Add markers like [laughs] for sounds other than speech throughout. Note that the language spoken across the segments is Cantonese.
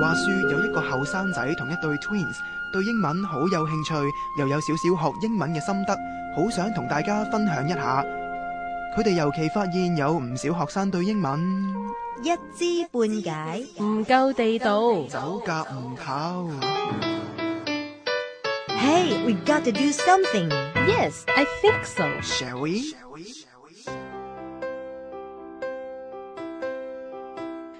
話說有一個後生仔同一對 twins，對英文好有興趣，又有少少學英文嘅心得，好想同大家分享一下。佢哋尤其發現有唔少學生對英文一知半解，唔夠地道，走夾唔透。Hey, we got to do something. Yes, I think so. Shall we?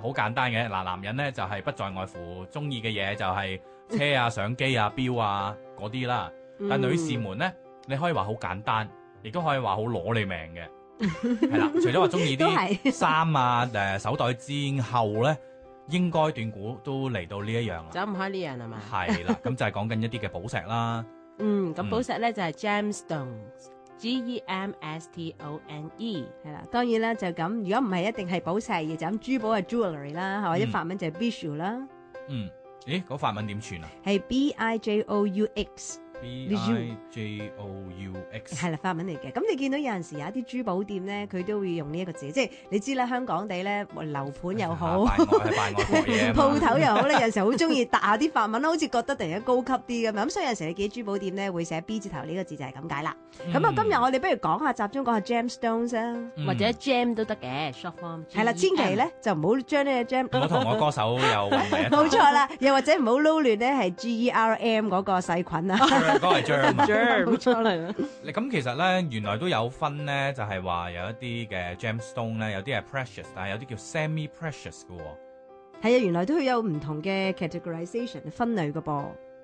好簡單嘅，嗱，男人咧就係、是、不在外乎，中意嘅嘢就係車啊、相機啊、表啊嗰啲啦。但女士們咧，嗯、你可以話好簡單，亦都可以話好攞你命嘅係啦。除咗話中意啲衫啊、誒都是 [laughs] 手袋之後咧，應該斷估都嚟到呢 [laughs] 一樣啦，走唔開呢樣係嘛？係啦，咁就係講緊一啲嘅寶石啦。嗯，咁寶石咧、嗯、就係 gemstones。Gemstone 係啦，當然啦就咁，如果唔係一定係寶石嘅就咁，珠寶係 jewelry 啦，或者法文就係 bijoux 啦。嗯，咦，個法文點串啊？係 b i j o u x。B I J O U X，係啦，法文嚟嘅。咁你見到有陣時有一啲珠寶店咧，佢都會用呢一個字，即係你知啦，香港地咧樓盤又好，鋪頭又好咧，有陣時好中意揼下啲法文咯，好似覺得突然間高級啲咁啊。咁所以有陣時你記啲珠寶店咧會寫 B 字頭呢個字就係咁解啦。咁啊，今日我哋不如講下集中講下 Gemstones 啊，或者 Gem 都得嘅。係啦，千祈咧就唔好將呢個 Gem。我同我歌手又唔係一。冇錯啦，又或者唔好撈亂咧，係 G E R M 嗰個細菌啊。各位 Gem 出嚟啊！你咁其實咧，原來都有分咧，就係、是、話有一啲嘅 gemstone 咧，有啲係 precious，但係、哦、有啲叫 semi-precious 嘅喎。係啊，原來都有唔同嘅 categorization 分類嘅噃。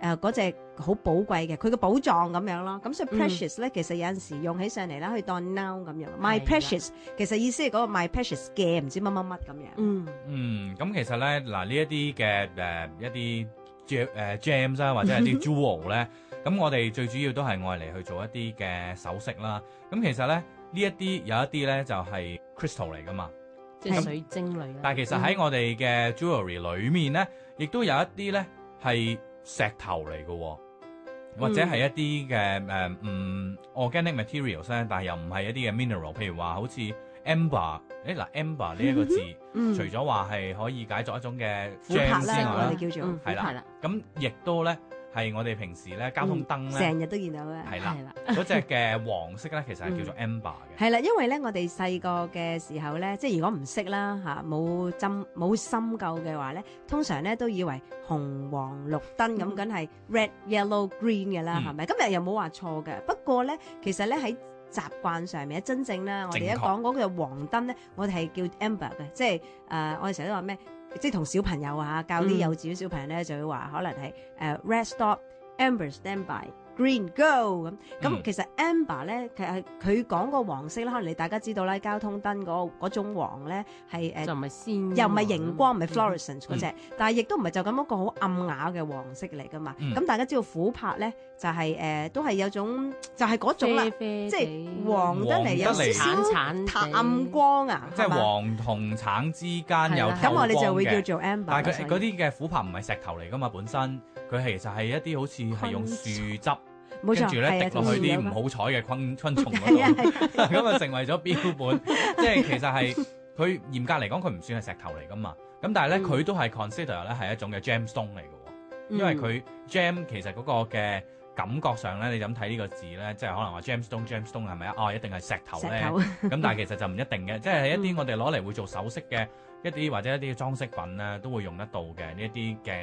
誒嗰隻好寶貴嘅，佢嘅寶藏咁樣咯，咁所以 precious 咧，其實有陣時用起上嚟啦，可以當 noun 咁樣。My precious 其實意思係嗰個 my precious 嘅唔知乜乜乜咁樣。嗯，咁其實咧嗱呢一啲嘅誒一啲誒 gems 啊，或者係一啲 jewel 咧，咁我哋最主要都係愛嚟去做一啲嘅首飾啦。咁其實咧呢一啲有一啲咧就係 crystal 嚟噶嘛，即係水晶類。但係其實喺我哋嘅 jewelry 裏面咧，亦都有一啲咧係。石頭嚟嘅，或者係一啲嘅誒唔 organic materials 咧，但係又唔係一啲嘅 mineral，譬如話好似 amber，誒、欸、嗱 amber、啊、呢一個字，嗯嗯、除咗話係可以解作一種嘅琥珀之外，說我哋叫做係啦，咁亦、嗯、的都咧。係我哋平時咧，交通燈咧，成日都見到嘅。係啦，嗰隻嘅黃色咧，其實係叫做 amber 嘅。係啦。因為咧我哋細個嘅時候咧，即係如果唔識啦嚇，冇針冇深究嘅話咧，通常咧都以為紅黃綠燈咁，梗係 red yellow green 嘅啦，係咪？今日又冇話錯嘅。不過咧，其實咧喺習慣上面，真正啦，我哋一講嗰個黃燈咧，我哋係叫 amber 嘅，即係誒，我哋成日都話咩？即係同小朋友啊，教啲幼稚園小朋友咧，嗯、就會話可能係誒、uh, red stop，amber stand by。Green go 咁咁，其實 amber 咧，其實佢講個黃色啦。可能你大家知道啦，交通燈嗰嗰種黃咧係誒，就唔係又唔係鮮，又唔係熒光，唔係 fluorescent 嗰隻，不是嗯、但係亦都唔係就咁一個好暗啞嘅黃色嚟噶嘛。咁、嗯、大家知道琥珀咧，就係、是、誒、呃，都係有種就係、是、嗰種啦，飛飛即係黃得嚟有少少淡光啊，即係黃同橙之間有我哋就會叫做 amber 淡黃嘅。但係佢嗰啲嘅琥珀唔係石頭嚟噶嘛，本身。佢其實係一啲好似係用樹汁，跟住咧滴落去啲唔好彩嘅昆昆蟲嗰度，咁啊成為咗標本。即係其實係佢嚴格嚟講，佢唔算係石頭嚟噶嘛。咁但係咧，佢都係 consider 咧係一種嘅 gemstone 嚟嘅，因為佢 gem 其實嗰個嘅感覺上咧，你諗睇呢個字咧，即係可能話 gemstone，gemstone 係咪啊？哦，一定係石頭咧。咁但係其實就唔一定嘅，即係係一啲我哋攞嚟會做首飾嘅一啲或者一啲裝飾品咧，都會用得到嘅呢一啲嘅。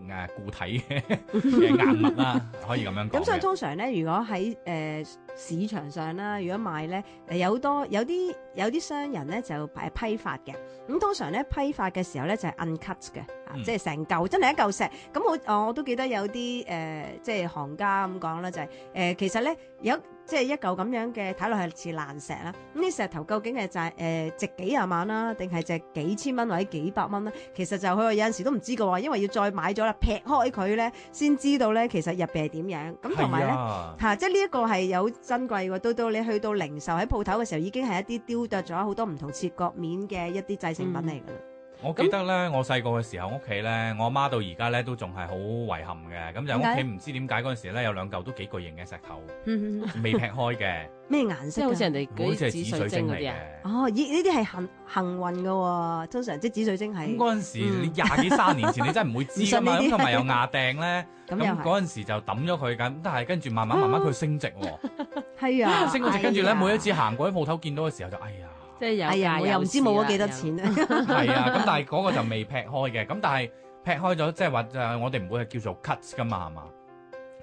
誒固體嘅嘅硬物啦、啊， [laughs] 可以咁樣講。咁所以通常咧，如果喺誒、呃、市場上啦、啊，如果買咧，誒有好多有啲有啲商人咧就誒批發嘅。咁通常咧批發嘅時候咧就係 uncut 嘅，即係成嚿真係一嚿石。咁我我都記得有啲誒、呃、即係行家咁講啦，就係、是、誒、呃、其實咧有。即係一嚿咁樣嘅，睇落係似爛石啦。咁啲石頭究竟係就係誒值幾廿萬啦、啊，定係值幾千蚊或者幾百蚊啦？其實就佢話有陣時都唔知㗎喎，因為要再買咗啦，劈開佢咧先知道咧，其實入邊係點樣。咁同埋咧嚇，即係呢一個係有珍貴喎。到到你去到零售喺鋪頭嘅時候，已經係一啲雕琢咗好多唔同切割面嘅一啲製成品嚟嘅啦。嗯我記得咧那，我細個嘅時候屋企咧，我阿媽到而家咧都仲係好遺憾嘅。咁就屋企唔知點解嗰陣時咧有兩嚿都幾巨型嘅石頭，未劈開嘅。咩 [laughs] 顏色？好似人哋好似係紫水晶嚟嘅。哦，呢呢啲係幸幸運㗎喎，通常即紫水晶係。嗰陣時，嗯、你廿幾三十年前你真係唔會知㗎嘛，咁同埋有牙釘咧？咁嗰陣時就揼咗佢咁，但係跟住慢慢慢慢佢升值喎。係 [laughs] 啊，升升值跟住咧，哎、呀每一次行過喺鋪頭見到嘅時候就哎呀～ [music] 即哎呀，又唔知冇咗幾多錢 [laughs] [laughs] 啊！係啊，咁但係嗰個就未劈開嘅，咁但係劈開咗，即係話誒，我哋唔會係叫做 cut 嘅嘛，係嘛？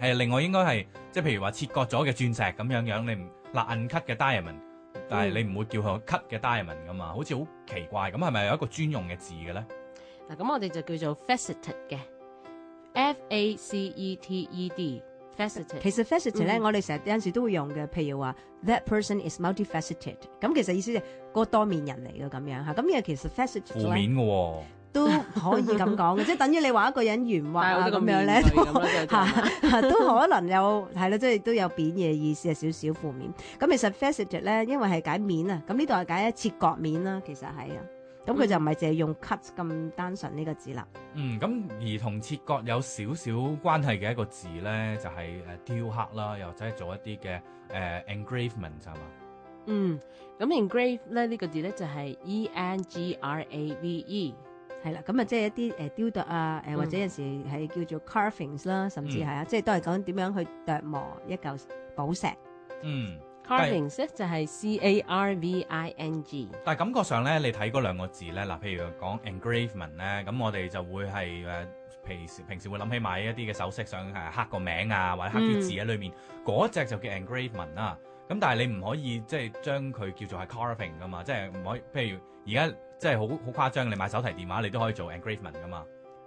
係另外應該係即係譬如話切割咗嘅鑽石咁樣樣，你唔嗱硬 cut 嘅 diamond，但係你唔會叫佢 cut 嘅 diamond 嘅嘛，好似好奇怪，咁係咪有一個專用嘅字嘅咧？嗱，咁我哋就叫做 faceted 嘅，f-a-c-e-t-e-d。A C e T e d 其實 facet 咧，嗯、我哋成日有陣時都會用嘅，譬如話 that person is multifaceted，咁其實意思係、嗰個多面人嚟嘅咁樣嚇。咁因為其實 facet 負面嘅喎、哦，都可以咁講嘅， [laughs] 即係等於你話一個人圓滑咁、哎、樣咧都，啊啊、都可能有係啦，即係 [laughs] 都有貶義意思係少少負面。咁其實 facet 咧，因為係解面啊，咁呢度係解一切割面啦，其實係啊。咁佢、嗯、就唔係淨係用 cut 咁單純呢個字啦。嗯，咁而同切割有少少關係嘅一個字咧，就係、是、誒雕刻啦，又或者係做一啲嘅誒 engravement，係嘛？呃、ment，嗯，咁 engrave 咧呢、這個字咧就係、是、e n g r a v e，係啦，咁啊即係一啲誒、呃、雕刻啊，誒、呃嗯、或者有時係叫做 carvings 啦，甚至係啊，嗯、即係都係講點樣去琢磨一嚿寶石。嗯。carving 咧就係 c a r v i n g，但係感覺上咧，你睇嗰兩個字咧，嗱，譬如講 e n g r a v e m e n t 咧，咁我哋就會係誒，平時平時會諗起買一啲嘅首飾想誒刻個名啊，或者刻啲字喺裏面，嗰隻、嗯、就叫 e n g r a v e m e n t 啊，咁但係你唔可以即係將佢叫做係 carving 噶嘛，即係唔可以，譬如而家即係好好誇張，你買手提電話你都可以做 e n g r a v e m e n t 噶嘛。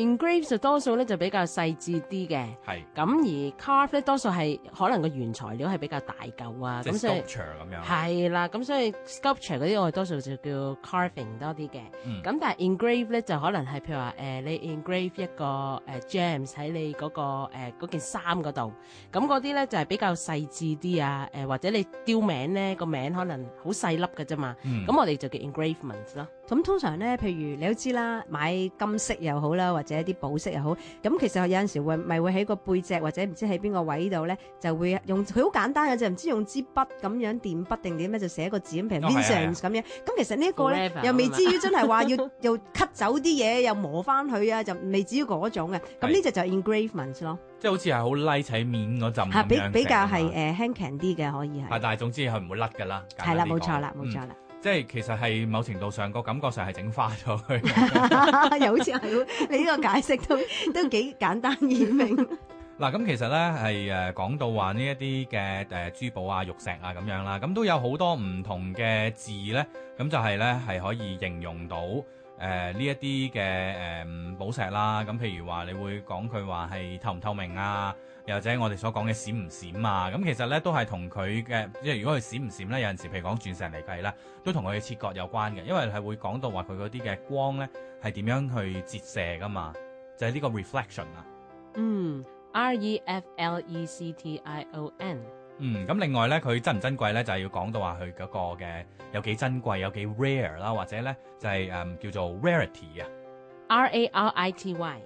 Engraves 就多數咧就比較細緻啲嘅，係是。咁而 carve 咧多數係可能個原材料係比較大嚿啊，咁是所以係啦，咁樣所以 sculpture 嗰啲我哋多數就叫 carving 多啲嘅。咁、嗯、但係 engrave 咧就可能係譬如話誒、呃、你 engrave 一個誒、呃、gem 喺你嗰、那個、呃、嗰件衫嗰度，咁嗰啲咧就係、是、比較細緻啲啊誒、呃、或者你雕名咧個名可能好細粒嘅啫嘛，咁、嗯、我哋就叫 engravements 咯。咁通常咧，譬如你都知啦，買金飾又好啦，或者啲寶飾又好，咁其實有陣時會咪會喺個背脊或者唔知喺邊個位度咧，就會用佢好簡單嘅就唔知用支筆咁樣點筆定點咧就寫個字咁，譬如 engravings 咁、哦啊、樣。咁其實呢一個咧又未至於真係話要要 cut [laughs] 走啲嘢又磨翻佢啊，就未至於嗰種嘅。咁呢隻就 engravements 咯， 即係好似係好拉曬面嗰陣係比比較係誒、嗯、輕強啲嘅可以係。但係總之佢唔會甩㗎啦。係啦，冇錯啦，冇錯啦。嗯即係其實係某程度上個感覺上係整花咗佢，又好似係你呢個解釋都都幾簡單易明。嗱、 [laughs] 啊，咁其實咧係誒講到話呢一啲嘅誒珠寶啊、玉石啊咁樣啦，咁都有好多唔同嘅字咧，咁就係咧係可以形容到。誒呢一啲嘅誒寶石啦，咁譬如話，你會講佢話係透唔透明啊，又或者我哋所講嘅閃唔閃啊，咁其實咧都係同佢嘅即係如果佢閃唔閃咧，有陣時譬如講鑽石嚟計咧，都同佢嘅切割有關嘅，因為係會講到話佢嗰啲嘅光咧係點樣去折射噶嘛，就係呢個 reflection 啊，嗯，r e f l e c t i o n。嗯，咁另外咧，佢珍唔珍貴咧，就係要講到話佢嗰個嘅有幾珍貴，有幾 rare 啦，或者咧就係、誒、叫做 rarity 啊，r, r a r i t y。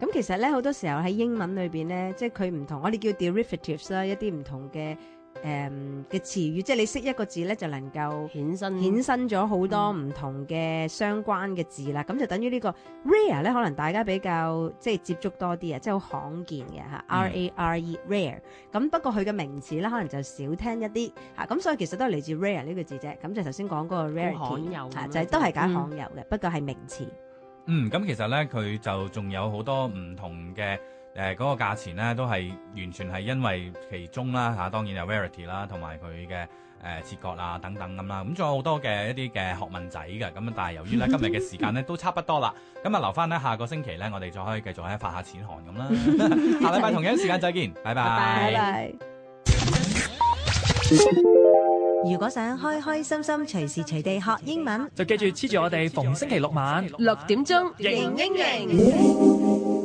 咁其實咧好多時候喺英文裏面咧，即係佢唔同我哋叫 derivatives 啦，一啲唔同嘅。誒嘅詞語，即係你識一個字咧，就能夠衍生衍生咗好多唔同嘅相關嘅字啦。咁、嗯、就等於呢個 rare 咧，可能大家比較即係接觸多啲啊，即係好罕見嘅吓、嗯。r a r e rare。咁不過佢嘅名詞咧，可能就少聽一啲吓。咁所以其實都係嚟自 rare 呢個字啫。咁就頭先講嗰個 rarity 就係都係講罕有嘅，不過係名詞。嗯，咁其實咧，佢就仲有好多唔同嘅。誒，嗰，呃嗰個價錢呢都係完全係因為其中啦吓，當然有 variety 啦，同埋佢嘅誒切割啊等等咁啦，咁仲有好多嘅一啲嘅學問仔嘅，咁但係由於咧今日嘅時間都差不多啦，咁啊 [laughs] 留翻下，下個星期呢，我哋再可以繼續喺發下錢行，咁啦， [laughs] 下禮拜同樣時間再見，拜拜 [laughs] bye，拜拜。如果想開開心心隨時隨地學英文， [music] 就記住黐住我哋逢星期六晚 [music] 六點鐘認英認。